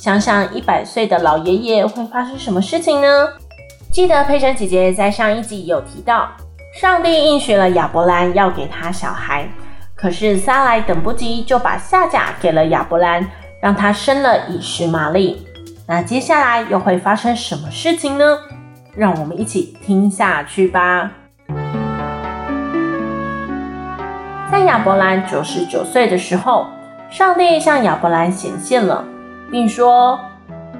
想想一百歲的老爺爺會發生什麼事情呢？記得佩珊姐姐在上一集有提到，上帝應許了亞伯蘭要給他小孩，可是撒萊等不及就把夏甲給了亞伯蘭，讓他生了以實瑪利。那接下來又會發生什麼事情呢？讓我們一起聽下去吧。在亞伯蘭九十九歲的時候，上帝向亞伯蘭顯現了。並說：“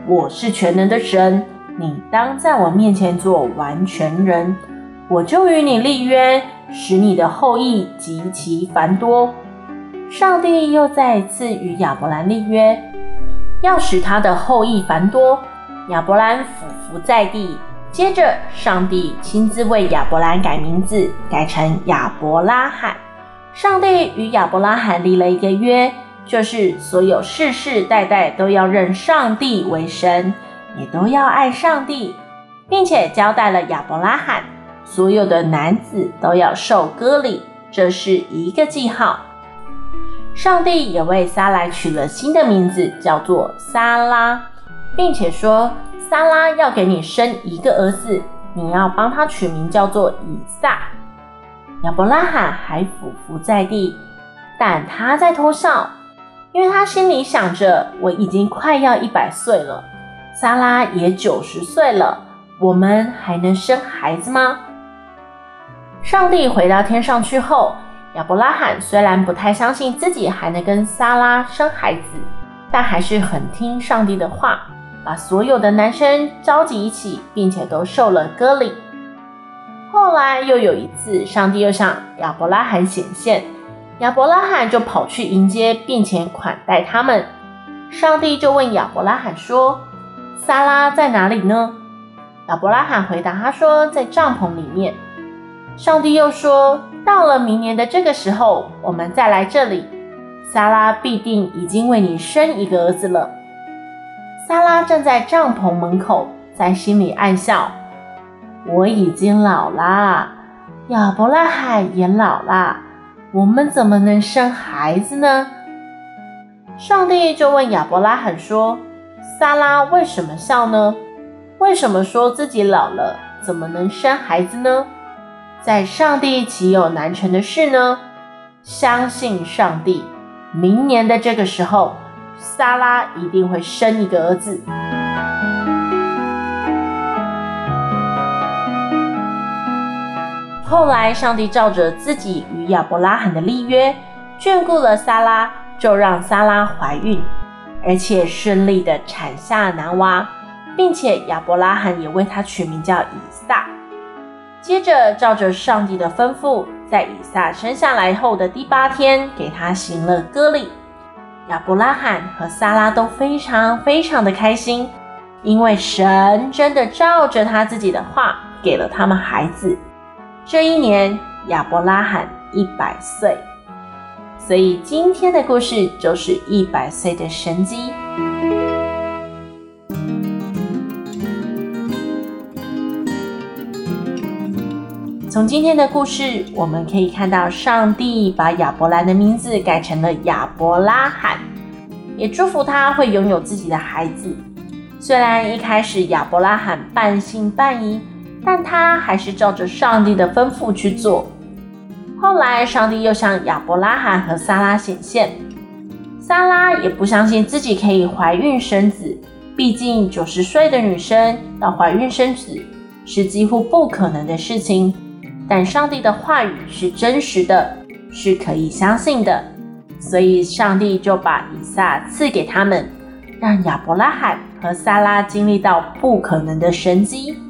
我是全能的神，你當在我面前做完全人，我就與你立約，使你的後裔極其繁多。”上帝又再一次與亞伯蘭立約，要使他的後裔繁多。亞伯蘭俯伏在地，接着上帝親自為亞伯蘭改名字，改成亞伯拉罕。上帝與亞伯拉罕立了一個約。就是所有世世代代都要認上帝為神，也都要愛上帝，並且交代了亞伯拉罕，所有的男子都要受割禮，這是一個記號。上帝也為撒萊取了新的名字，叫做撒拉，並且說撒拉要給你生一個兒子，你要幫他取名叫做以撒。亞伯拉罕還俯伏在地，但他在偷笑。因為他心裡想着我已經快要一百歲了，撒拉也九十歲了，我們還能生孩子嗎？上帝回到天上去後，亞伯拉罕雖然不太相信自己還能跟撒拉生孩子，但還是很聽上帝的話，把所有的男生召集一起，並且都受了割禮。後來又有一次，上帝又向亞伯拉罕顯現。亞伯拉罕就跑去迎接，並且款待他們。上帝就問亞伯拉罕說：“薩拉在哪裡呢？”亞伯拉罕回答他說：“在帳篷裡面。”上帝又說：“到了明年的這個時候，我們再來這裡，薩拉必定已經為你生一個兒子了。”薩拉站在帳篷門口，在心裡暗笑：“我已經老啦，亞伯拉罕也老啦。”我們怎麼能生孩子呢？上帝就問亞伯拉罕說：“撒拉為什麼笑呢？為什麼說自己老了，怎麼能生孩子呢？在上帝豈有難成的事呢？相信上帝，明年的這個時候，撒拉一定會生一個兒子。”後來，上帝照着自己與亞伯拉罕的立約，眷顧了撒拉，就讓撒拉懷孕，而且順利的產下男娃，並且亞伯拉罕也為他取名叫以撒。接着，照着上帝的吩咐，在以撒生下來後的第八天，給他行了割禮。亞伯拉罕和撒拉都非常非常的開心，因為神真的照着他自己的話，給了他們孩子。這一年，亞伯拉罕一百歲。所以，今天的故事就是一百歲的神蹟。從今天的故事，我們可以看到，上帝把亞伯蘭的名字改成了亞伯拉罕，也祝福他會擁有自己的孩子。雖然一開始，亞伯拉罕半信半疑。但他還是照着上帝的吩咐去做。後來，上帝又向亞伯拉罕和撒拉顯現。撒拉也不相信自己可以懷孕生子，畢竟九十歲的女生要懷孕生子是幾乎不可能的事情。但上帝的話語是真實的，是可以相信的，所以上帝就把以撒賜給他們，讓亞伯拉罕和撒拉經歷到不可能的神蹟。